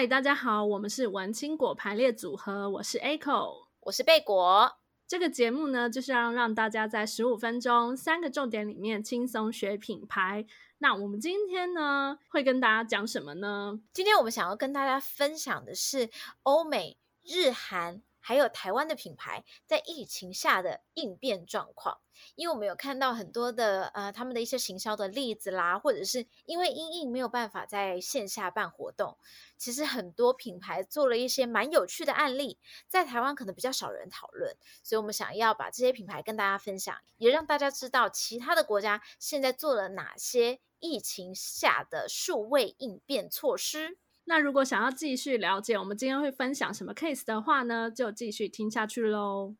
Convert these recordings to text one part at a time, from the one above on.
嗨，大家好，我們是文青果排列組合，我是 Echo，我是貝果。這個節目呢，就是要讓大家在十五分鐘三個重點裡面輕鬆學品牌。那我們今天呢，會跟大家講什麼呢？今天我們想要跟大家分享的是歐美、日韓，還有台灣的品牌在疫情下的應變狀況，因為我們有看到很多的呃，他們的一些行銷的例子啦，或者是因為因應沒有辦法在線下辦活動，其實很多品牌做了一些蠻有趣的案例，在台灣可能比較少人討論，所以我們想要把這些品牌跟大家分享，也讓大家知道其他的國家現在做了哪些疫情下的數位應變措施。那如果想要繼續了解我們今天會分享什麼 case 的話呢，就繼續聽下去嘍。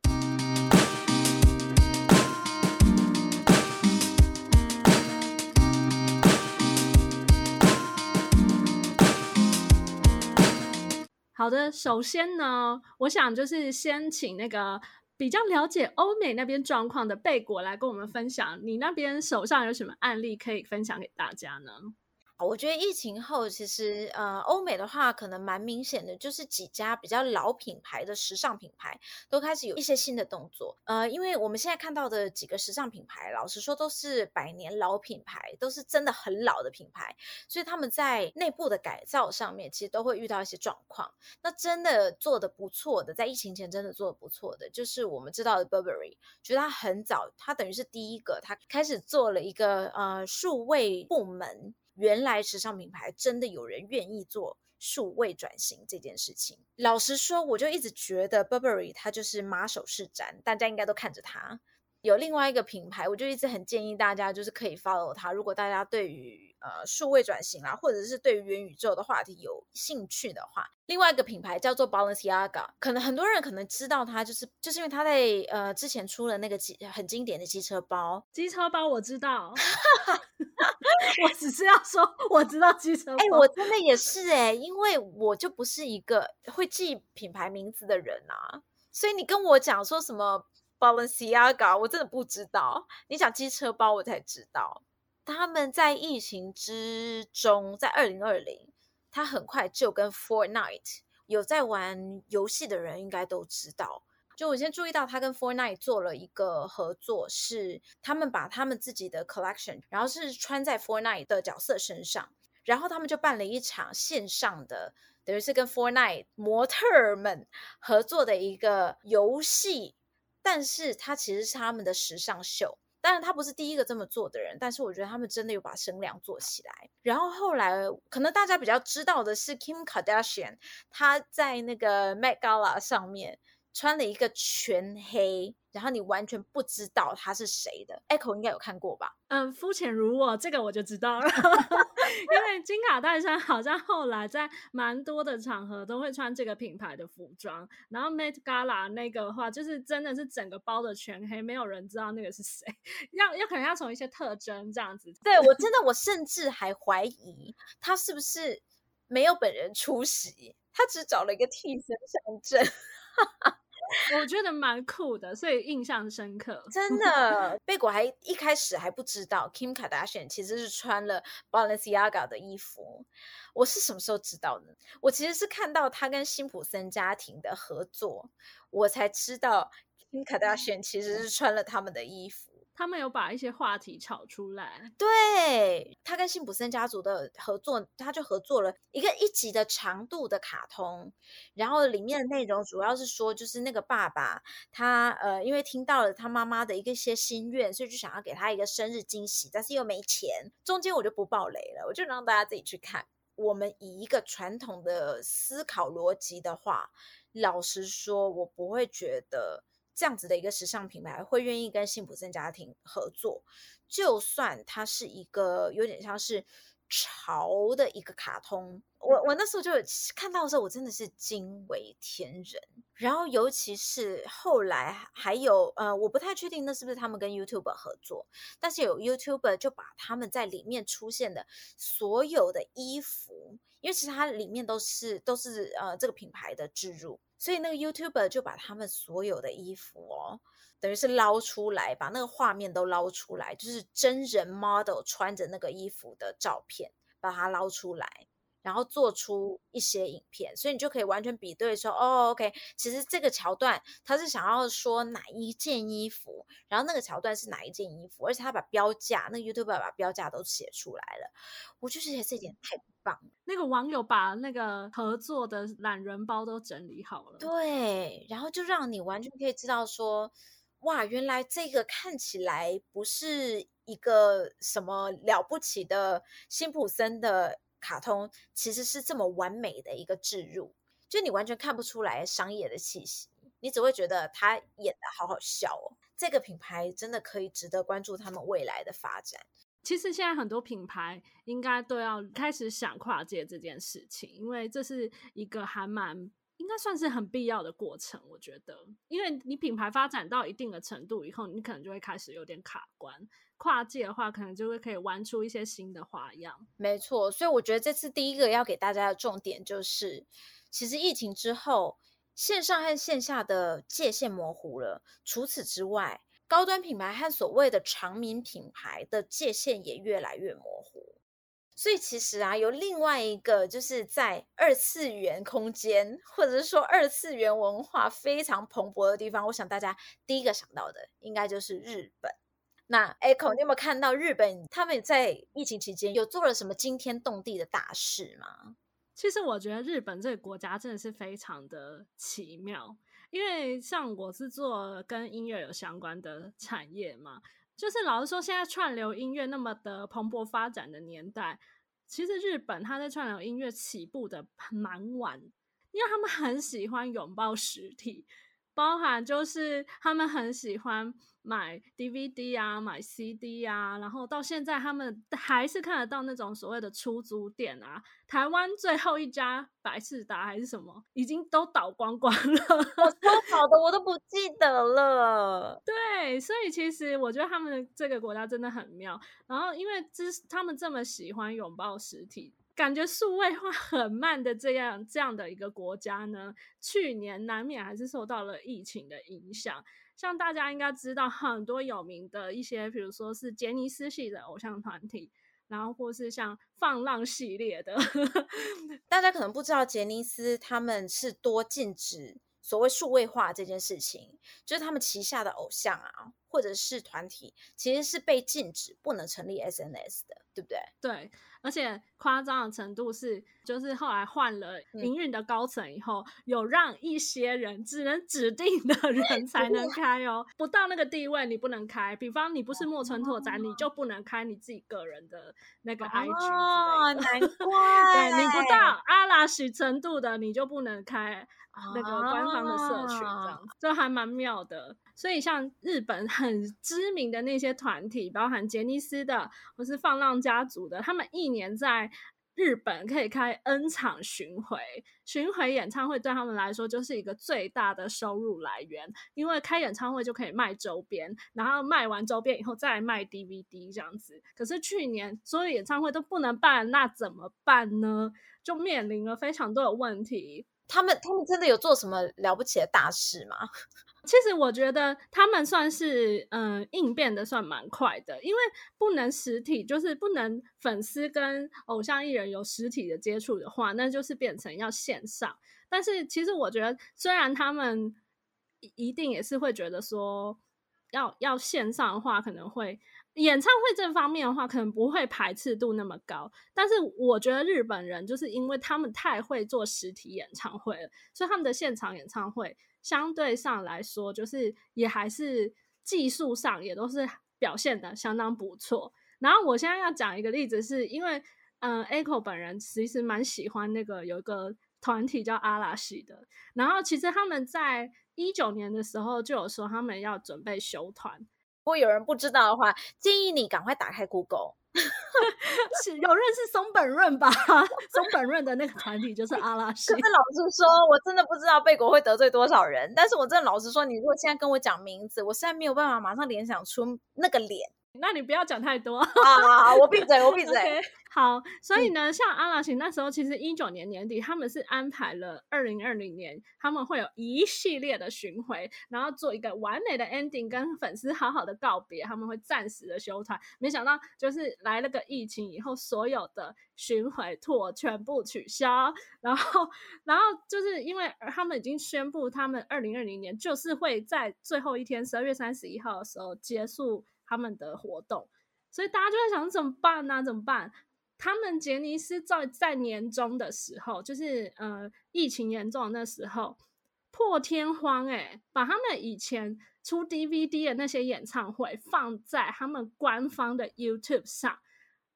好的，首先呢，我想就是先請那個比較了解歐美那邊狀況的貝果來跟我們分享，你那邊手上有什麼案例可以分享給大家呢？我覺得疫情後，其實呃，歐美的話可能蠻明顯的，就是幾家比較老品牌的時尚品牌都開始有一些新的動作。呃，因為我們現在看到的幾個時尚品牌，老實說都是百年老品牌，都是真的很老的品牌，所以他們在內部的改造上面，其實都會遇到一些狀況。那真的做得不錯的，在疫情前真的做得不錯的，就是我們知道的 Burberry，覺得它很早，它等於是第一個，它開始做了一個呃數位部門。原來時尚品牌，真的有人願意做數位轉型這件事情。老實說，我就一直覺得 Burberry 它就是馬首是瞻，大家應該都看着它。有另外一個品牌，我就一直很建議大家，就是可以 follow 它。如果大家對於呃，數位轉型啦，或者是對於元宇宙的話題有興趣的話，另外一個品牌叫做 Balenciaga，可能很多人可能知道它，就是就是因為它在呃之前出了那個機很經典的機車包。機車包我知道， 我只是要說我知道機車包。欸，我真的也是哎，欸，因為我就不是一個會記品牌名字的人啊，所以你跟我講說什麼 Balenciaga，我真的不知道。你講機車包，我才知道。他們在疫情之中，在二零二零，他很快就跟 Fortnite 有在玩遊戲的人應該都知道。就我先注意到他跟 Fortnite 做了一個合作，是他們把他們自己的 collection，然後是穿在 Fortnite 的角色身上，然後他們就辦了一場線上的，等於是跟 Fortnite 模特們合作的一個遊戲，但是它其實是他們的時尚秀。當然，他不是第一個這麼做的人，但是我覺得他們真的有把聲量做起來。然後後來，可能大家比較知道的是 Kim Kardashian，他在那個 Met Gala 上面。穿了一個全黑，然後你完全不知道他是誰的。Echo 應該有看過吧？嗯，膚淺如我，這個我就知道了。 因為金卡戴珊好像後來在蠻多的場合都會穿這個品牌的服裝。然後 Met Gala 那個的話，就是真的是整個包的全黑，沒有人知道那個是誰。要要可能要從一些特徵這樣子。對，我真的，我甚至還懷疑他是不是沒有本人出席，他只找了一個替身上陣。 我覺得蠻酷的，所以印象深刻。 真的，貝果還一開始還不知道 Kim Kardashian 其實是穿了 Balenciaga 的衣服。我是什麼時候知道的？我其實是看到他跟辛普森家庭的合作，我才知道 Kim Kardashian 其實是穿了他們的衣服。嗯他們有把一些話題炒出來。對，他跟辛普森家族的合作，他就合作了一個一集的長度的卡通，然後裡面的內容主要是說，就是那個爸爸他呃，因為聽到了他媽媽的一個些心願，所以就想要給他一個生日驚喜，但是又沒錢。中間我就不爆雷了，我就讓大家自己去看。我們以一個傳統的思考邏輯的話，老實說，我不會覺得。這樣子的一個時尚品牌會願意跟辛普森家庭合作，就算它是一個有點像是，潮的一個卡通，我我那時候就看到的時候，我真的是驚為天人。然後尤其是後來還有呃，我不太確定那是不是他們跟 YouTuber 合作，但是有 YouTuber 就把他們在裡面出現的所有的衣服，因為其實它裡面都是都是呃這個品牌的置入，所以那個 YouTuber 就把他們所有的衣服哦。等於是撈出來，把那個畫面都撈出來，就是真人 model 穿着那個衣服的照片，把它撈出來，然後做出一些影片，所以你就可以完全比對說，哦，OK，其實這個橋段他是想要說哪一件衣服，然後那個橋段是哪一件衣服，而且他把標價，那 YouTuber 把標價都寫出來了，我就覺得這一點太棒了。那個網友把那個合作的懶人包都整理好了，對，然後就讓你完全可以知道說。哇，原來這個看起來不是一個什麼了不起的辛普森的卡通，其實是這麼完美的一個置入，就你完全看不出來商業的氣息，你只會覺得他演得好好笑哦。這個品牌真的可以值得關注，他們未來的發展。其實現在很多品牌應該都要開始想跨界這件事情，因為這是一個還蠻，算是很必要的過程，我覺得，因為你品牌發展到一定的程度以後，你可能就會開始有點卡關。跨界的話，可能就會可以玩出一些新的花樣。沒錯，所以我覺得這次第一個要給大家的重點就是，其實疫情之後，線上和線下的界限模糊了。除此之外，高端品牌和所謂的常民品牌的界限也越來越模糊。所以其實啊，有另外一個就是在二次元空間，或者是說二次元文化非常蓬勃的地方，我想大家第一個想到的應該就是日本。那 Echo，你有沒有看到日本他們在疫情期間有做了什麼驚天動地的大事嗎？其實我覺得日本這個國家真的是非常的奇妙，因為像我是做跟音樂有相關的產業嘛。就是老實說，現在串流音樂那麼的蓬勃發展的年代，其實日本它在串流音樂起步的蠻晚，因為他們很喜歡擁抱實體。包含就是他們很喜歡買 DVD 啊，買 CD 啊，然後到現在他們還是看得到那種所謂的出租店啊。台灣最後一家百事達還是什麼，已經都倒光光了。我說好的，我都不記得了。 對，所以其實我覺得他們這個國家真的很妙。然後因為之他們這麼喜歡擁抱實體。感覺數位化很慢的這樣這樣的一個國家呢，去年難免還是受到了疫情的影響。像大家應該知道，很多有名的一些，比如說是傑尼斯系的偶像團體，然後或是像放浪系列的， 大家可能不知道傑尼斯他們是多禁止所謂數位化這件事情，就是他們旗下的偶像啊，或者是團體，其實是被禁止不能成立 SNS 的，對不對？對，而且。誇張的程度是，就是後來換了營運的高層以後，嗯、有讓一些人只能指定的人才能開哦， 不到那個地位你不能開。比方你不是木村拓哉，oh、no. 你就不能開你自己個人的那個 IG 之類的，哇，oh, 難怪！ 對，你不到阿拉許程度的，你就不能開那個官方的社群這樣，oh. 就還蠻妙的。所以像日本很知名的那些團體，包含杰尼斯的或是放浪家族的，他們一年在日本可以開 N 場巡迴，巡迴演唱會對他們來說就是一個最大的收入來源，因為開演唱會就可以賣周邊，然後賣完周邊以後再賣 DVD 這樣子。可是去年所有演唱會都不能辦，那怎麼辦呢？就面臨了非常多的問題。他們他們真的有做什麼了不起的大事嗎？其實我覺得他們算是嗯、呃、應變的算蠻快的，因為不能實體，就是不能粉絲跟偶像藝人有實體的接觸的話，那就是變成要線上。但是其實我覺得，雖然他們一定也是會覺得說要要線上的話，可能會演唱會這方面的話，可能不會排斥度那麼高。但是我覺得日本人就是因為他們太會做實體演唱會了，所以他們的現場演唱會，相對上來說，就是也還是技術上也都是表現得相當不錯。然後我現在要講一個例子是，是因為嗯、呃、Echo 本人其實，實蠻喜歡那個有一個團體叫阿拉西的。然後其實他們在一九年的時候就有說他們要準備休團。如果有人不知道的話，建議你趕快打開 Google。是， 有認識松本潤吧？ 松本潤的那個團體就是阿拉斯。可是老實說，我真的不知道貝果會得罪多少人。但是我真的老實說，你如果現在跟我講名字，我現在沒有辦法馬上聯想出那個臉。那你不要講太多，啊。好好、， 啊、好，我閉嘴，我閉嘴。Okay, 好，所以呢，嗯、像 Arashi 那時候，其實一九年年底，他們是安排了二零二零年他們會有一系列的巡迴，然後做一個完美的 ending，跟粉絲好好的告別。他們會暫時的休團，沒想到就是來了個疫情以後，所有的巡迴 tour 全部取消。然後，然後就是因為他們已經宣布，他們二零二零年就是會在最後一天十二月三十一號的時候結束。他們的活動，所以大家就在想怎麼辦呢、啊？怎麼辦？他們杰尼斯在在年中的時候，就是呃疫情嚴重的那時候，破天荒誒、欸，把他們以前出 DVD 的那些演唱會放在他們官方的 YouTube 上。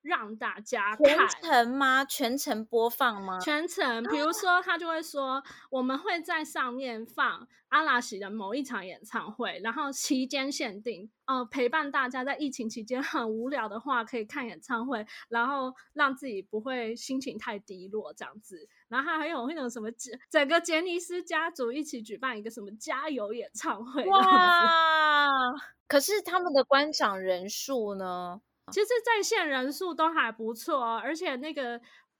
讓大家看全程嗎？全程播放嗎？全程，比如說他就會說， 我們會在上面放阿拉西的某一場演唱會，然後期間限定，哦、呃，陪伴大家在疫情期間很無聊的話，可以看演唱會，然後讓自己不會心情太低落這樣子。然後還有那種什麼，整個傑尼斯家族一起舉辦一個什麼加油演唱會，哇！可是他們的觀賞人數呢？其實在線人數都還不錯哦，而且那個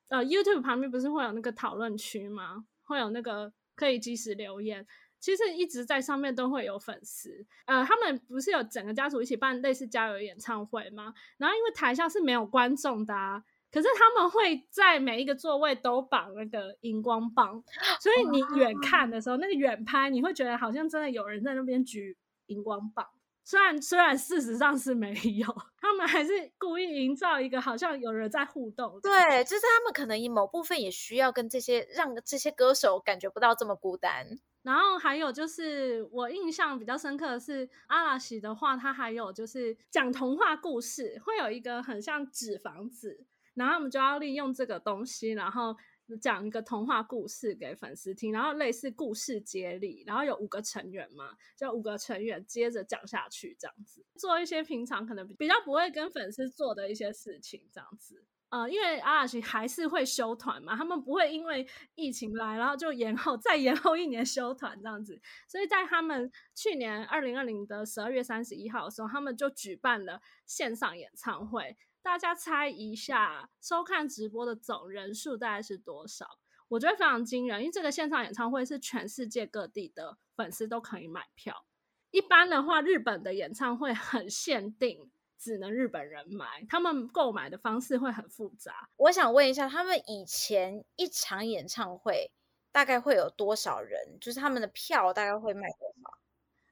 呃，YouTube 旁邊不是會有那個討論區嗎？會有那個可以及時留言。其實一直在上面都會有粉絲。呃，他們不是有整個家族一起辦類似加油演唱會嗎？然後因為台下是沒有觀眾的，啊，可是他們會在每一個座位都綁那個熒光棒，所以你遠看的時候，哇那個遠拍你會覺得好像真的有人在那邊舉熒光棒。雖然雖然事實上是沒有，他們還是故意營造一個好像有人在互動。對，就是他們可能以某部分也需要跟這些讓這些歌手感覺不到這麼孤單。然後還有就是我印象比較深刻的是阿拉西的話，他還有就是講童話故事，會有一個很像紙房子，然後我們就要利用這個東西，然後。講一個童話故事給粉絲聽，然後類似故事接力，然後有五個成員嘛，就五個成員接着講下去這樣子，做一些平常可能比，比較不會跟粉絲做的一些事情這樣子。嗯、呃，因為 ARASHI 還是會休團嘛，他們不會因為疫情來，然後就延後再延後一年休團這樣子，所以在他們去年二零二零的十二月三十一號的時候，他們就舉辦了線上演唱會。大家猜一下，收看直播的總人數大概是多少？我覺得非常驚人，因為這個線上演唱會是全世界各地的粉絲都可以買票。一般的話，日本的演唱會很限定，只能日本人買，他們購買的方式會很複雜。我想問一下，他們以前一場演唱會大概會有多少人？就是他們的票大概會賣多少？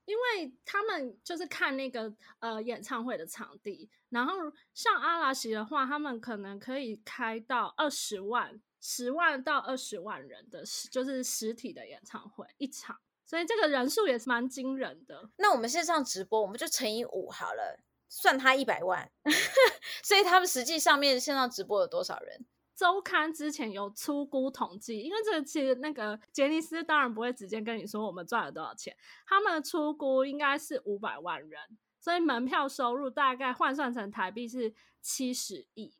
因為他們就是看那個呃演唱會的場地，然後像阿拉西的話，他們可能可以開到二十萬、十萬到二十萬人的實就是實體的演唱會一場，所以這個人數也是蠻驚人的。那我們線上直播，我們就乘以五好了，算他一百萬。 所以他們實際上面線上直播有多少人？周刊之前有粗估統計，因為這個其實那個傑尼斯當然不會直接跟你說我們賺了多少錢，他們的粗估應該是五百萬人，所以門票收入大概換算成台幣是七十億，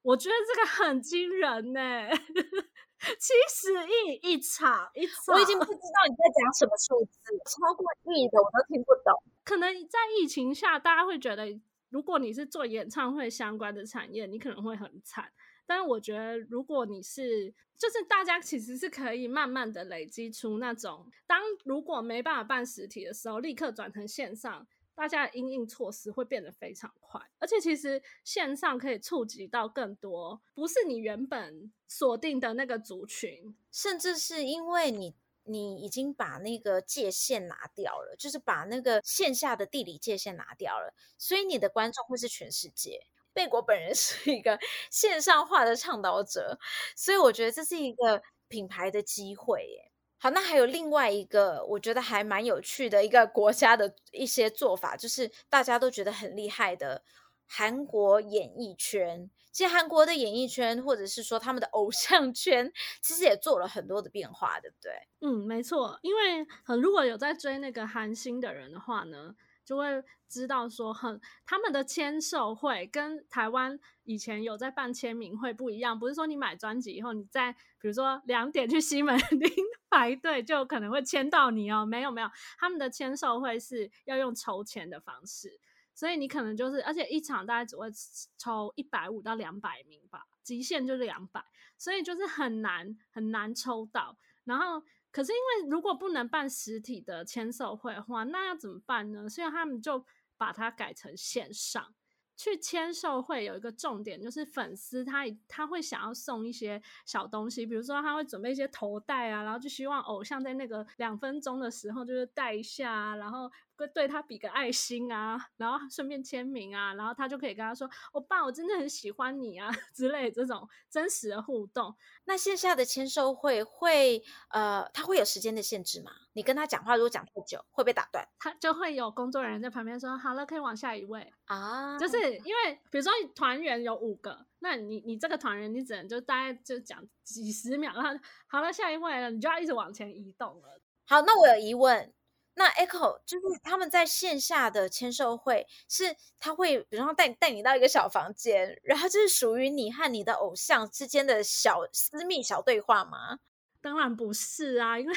我覺得這個很驚人呢、欸，七十億一場,哇一場我已經不知道你在講什麼數字，超過億的我都聽不懂。可能在疫情下，大家會覺得如果你是做演唱會相關的產業，你可能會很慘。但我覺得，如果你是，就是大家其實是可以慢慢的累積出那種。當如果沒辦法辦實體的時候，立刻轉成線上，大家的因應措施會變得非常快。而且其實線上可以觸及到更多，不是你原本鎖定的那個族群，甚至是因為你你已經把那個界限拿掉了，就是把那個線下的地理界限拿掉了，所以你的觀眾會是全世界。貝果本人是一個線上化的倡導者，所以我覺得這是一個品牌的機會耶。好，那還有另外一個我覺得還蠻有趣的一個國家的一些做法，就是大家都覺得很厲害的韓國演藝圈。其實韓國的演藝圈，或者是說他們的偶像圈，其實也做了很多的變化，對不對？嗯，沒錯。因為如果有在追那個韓星的人的話呢。就會知道說很，很他們的簽售會跟台灣以前有在辦簽名會不一樣，不是說你買專輯以後你在，你再比如說兩點去西門町 排隊就可能會簽到你哦，沒有沒有，他們的簽售會是要用抽籤的方式，所以你可能就是，而且一場大概只會抽一百五到兩百名吧，極限就是兩百，所以就是很難很難抽到，然後。可是因為如果不能辦實體的簽售會的話，那要怎麼辦呢？所以他們就把它改成線上去簽售會。有一個重點就是粉絲他他會想要送一些小東西，比如說他會準備一些頭帶啊，然後就希望偶像在那個兩分鐘的時候就是戴一下啊，然後。跟對他比個愛心啊，然後順便簽名啊，然後他就可以跟他說：“我、oh, 爸，我真的很喜歡你啊”之類這種真實的互動。那線下的簽售會會呃，他會有時間的限制嗎？你跟他講話如果講太久會被打斷，他就會有工作人員在旁邊說：“ oh. 好了，可以往下一位啊。” oh. 就是因為比如說團員有五個，那你你這個團員你只能就大概就講幾十秒，然後好了下一位了，你就要一直往前移動了。好，那我有疑問。那 Echo 就是他們在線下的簽售會，是他會，比方說帶你帶你到一個小房間，然後這是屬於你和你的偶像之間的小私密小對話嗎？當然不是啊，因為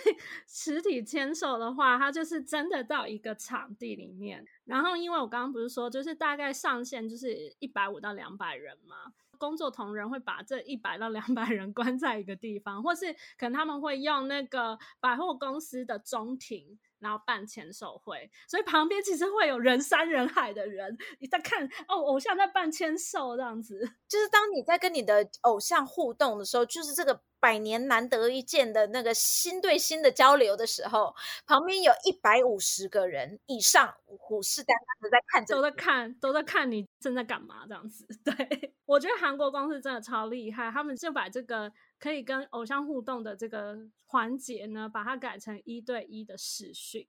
實體簽售的話，它就是真的到一個場地裡面，然後因為我剛剛不是說，就是大概上限就是一百五到兩百人嘛，工作同仁會把這一百到兩百人關在一個地方，或是可能他們會用那個百貨公司的中庭。然後辦簽售會，所以旁邊其實會有人山人海的人。你在看哦，偶像在辦簽售這樣子，就是當你在跟你的偶像互動的時候，就是這個百年難得一見的那個心對心的交流的時候，旁邊有一百五十個人以上虎視眈眈的在看着，都在看，都在看你正在幹嘛這樣子，對。我覺得韓國公司真的超厲害，他們就把這個可以跟偶像互動的這個環節呢，把它改成一對一的視訊，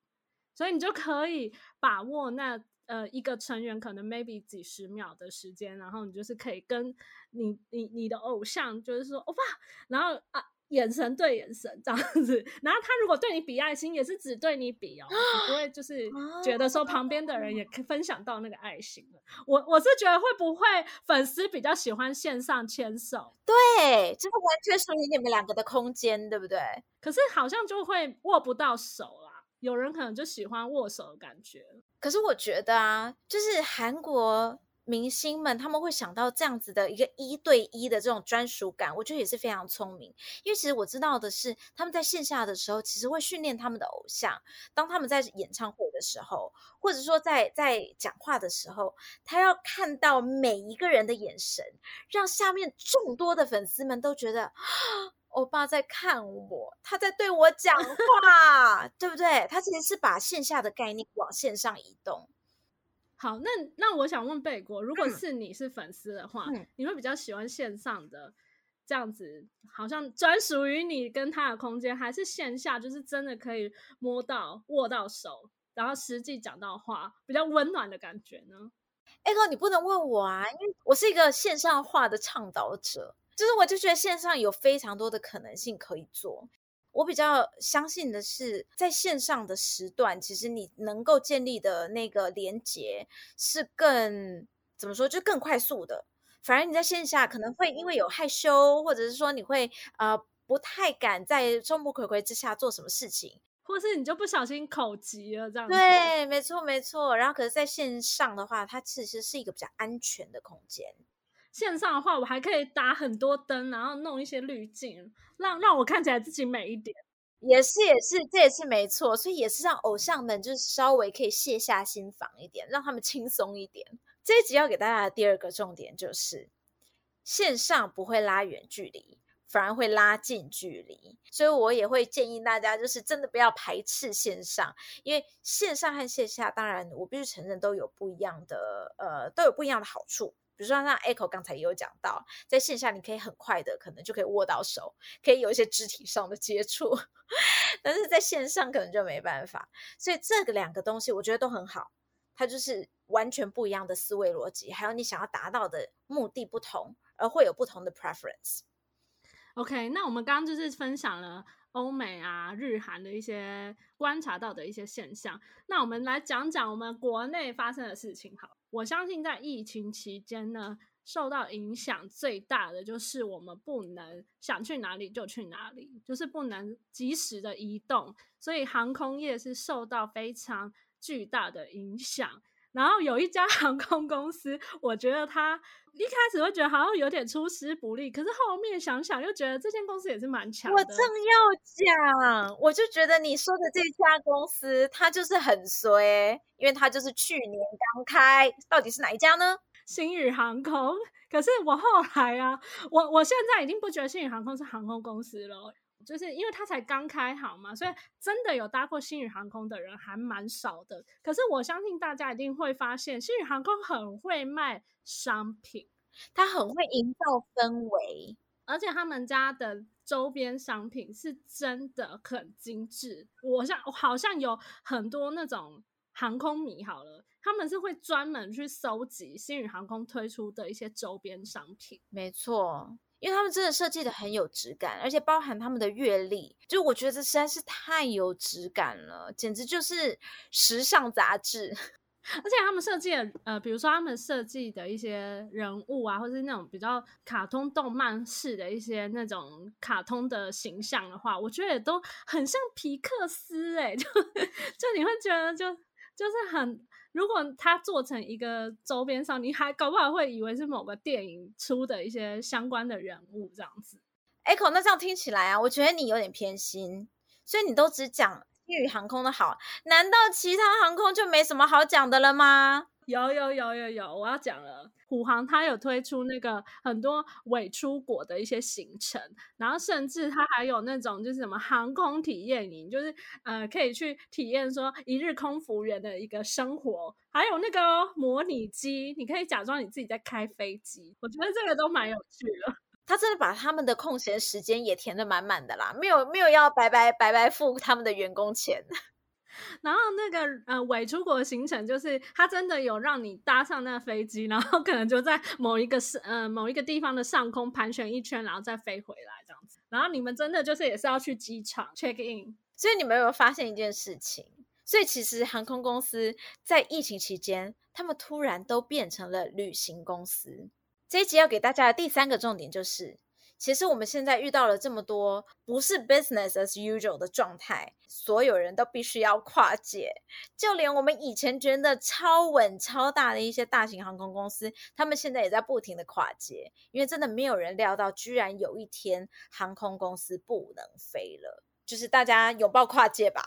所以你就可以把握那呃一個成員可能 maybe 幾十秒的時間，然後你就是可以跟你你你的偶像就是說哇、哦、然後啊。眼神對眼神這樣子，然後他如果對你比愛心，也是只對你比哦，不會就是覺得說旁邊的人也分享到那個愛心了。我我是覺得會不會粉絲比較喜歡線上牽手？對，就是完全屬於你們兩個的空間，對不對？可是好像就會握不到手啦，有人可能就喜歡握手的感覺。可是我覺得啊，就是韓國。明星們他們會想到這樣子的一個一對一的這種專屬感，我覺得也是非常聰明。因為其實我知道的是，他們在線下的時候，其實會訓練他們的偶像。當他們在演唱會的時候，或者說在在講話的時候，他要看到每一個人的眼神，讓下面眾多的粉絲們都覺得啊，歐巴在看我，他在對我講話， 對不對？他其實是把線下的概念往線上移動。好，那那我想問貝果，如果是你是粉絲的話，嗯、你會比較喜歡線上的這樣子，好像專屬於你跟他的空間，還是線下就是真的可以摸到、握到手，然後實際講到話，比較溫暖的感覺呢？哎、欸、哥，你不能問我啊，因為我是一個線上化的倡導者，就是我就覺得線上有非常多的可能性可以做。我比較相信的是，在線上的時段，其實你能夠建立的那個連接是更怎麼說，就更快速的。反而你在線下可能會因為有害羞，或者是說你會呃不太敢在眾目睽睽之下做什麼事情，或是你就不小心口急了這樣子。對，沒錯沒錯。然後可是在線上的話，它其實是一個比較安全的空間。線上的話，我還可以打很多燈，然後弄一些濾鏡，讓讓我看起來自己美一點。也是，也是，這也是沒錯。所以也是讓偶像們就是稍微可以卸下心防一點，讓他們輕鬆一點。這一集要給大家的第二個重點就是，線上不會拉遠距離，反而會拉近距離。所以我也會建議大家，就是真的不要排斥線上，因為線上和線下，當然我必須承認都有不一樣的，呃，都有不一樣的好處。比如說像 Echo 剛才也有講到，在線下你可以很快的，可能就可以握到手，可以有一些肢體上的接觸，但是在線上可能就沒辦法。所以這個兩個東西，我覺得都很好，它就是完全不一樣的思維邏輯，還有你想要達到的目的不同，而會有不同的 preference。OK，那我們剛剛就是分享了歐美啊、日韓的一些觀察到的一些現象，那我們來講講我們國內發生的事情好了，好。我相信在疫情期間呢，受到影響最大的就是我們不能想去哪裡就去哪裡，就是不能及時的移動，所以航空業是受到非常巨大的影響。然後有一家航空公司，我覺得他一開始會覺得好像有點出師不利，可是後面想想又覺得這間公司也是蠻強的。我正要講，我就覺得你說的這家公司，它就是很衰，因為它就是去年剛開。到底是哪一家呢？星宇航空。可是我後來啊，我我現在已經不覺得星宇航空是航空公司了。就是因為它才剛開好嘛，所以真的有搭過星宇航空的人還蠻少的。可是我相信大家一定會發現，星宇航空很會賣商品，它很會營造氛圍，而且他們家的周邊商品是真的很精緻。我好像我好像有很多那種航空迷，好了，他們是會專門去搜集星宇航空推出的一些周邊商品。沒錯。因為他們真的設計的很有質感，而且包含他們的閱歷，就我覺得這實在是太有質感了，簡直就是時尚雜誌。而且他們設計的，呃，比如說他們設計的一些人物啊，或者是那種比較卡通動漫式的一些那種卡通的形象的話，我覺得也都很像皮克斯、欸，誒，就就你會覺得就就是很。如果它做成一個周邊上，你還搞不好會以為是某個電影出的一些相關的人物這樣子。Echo，那這樣聽起來啊，我覺得你有點偏心，所以你都只講星宇航空的好，難道其他航空就沒什麼好講的了嗎？有有有有有，我要講了。虎航他有推出那個很多偽出國的一些行程，然後甚至他還有那種就是什麼航空體驗營，就是呃可以去體驗說一日空服員的一個生活，還有那個、哦、模擬機，你可以假裝你自己在開飛機。我覺得這個都蠻有趣的。他真的把他們的空閒時間也填得滿滿的啦，沒有沒有要白白白白付他們的員工錢。然後那個呃偽出國的行程，就是他真的有讓你搭上那飛機，然後可能就在某一個是呃某一個地方的上空盤旋一圈，然後再飛回來這樣子。然後你們真的就是也是要去機場 check in。所以你們有發現一件事情？所以其實航空公司在疫情期間，他們突然都變成了旅行公司。這一集要給大家的第三個重點就是。其實我們現在遇到了這麼多不是 business as usual 的狀態，所有人都必須要跨界。就連我們以前覺得超穩超大的一些大型航空公司，他們現在也在不停的跨界，因為真的沒有人料到，居然有一天航空公司不能飛了。就是大家擁抱跨界吧。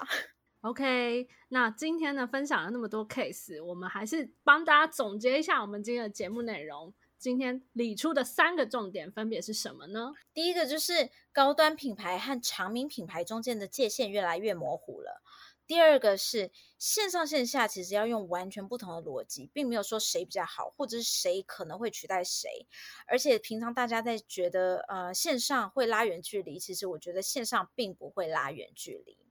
OK，那今天呢，分享了那麼多 case，我們還是幫大家總結一下我們今天的節目內容。今天理出的三個重點分別是什麼呢？第一個就是高端品牌和常民品牌中間的界限越來越模糊了。第二個是線上線下其實要用完全不同的邏輯，並沒有說誰比較好，或者是誰可能會取代誰。而且平常大家在覺得呃線上會拉遠距離，其實我覺得線上並不會拉遠距離。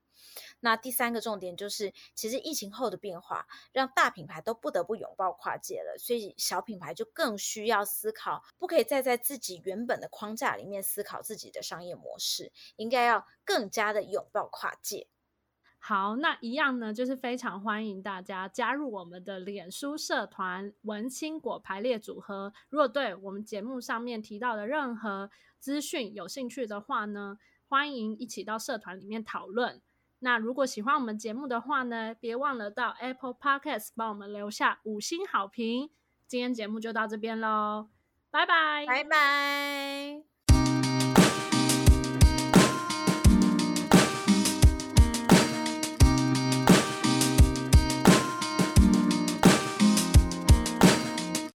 那第三個重點就是，其實疫情後的變化讓大品牌都不得不擁抱跨界了，所以小品牌就更需要思考，不可以再在自己原本的框架裡面思考自己的商業模式，應該要更加的擁抱跨界。好，那一樣呢，就是非常歡迎大家加入我們的臉書社團“文青果排列組合”。如果對我們節目上面提到的任何資訊有興趣的話呢，歡迎一起到社團裡面討論。那如果喜歡我們節目的話呢，別忘了到 Apple Podcast 幫我們留下五星好評。今天節目就到這邊嘍，拜拜，拜拜。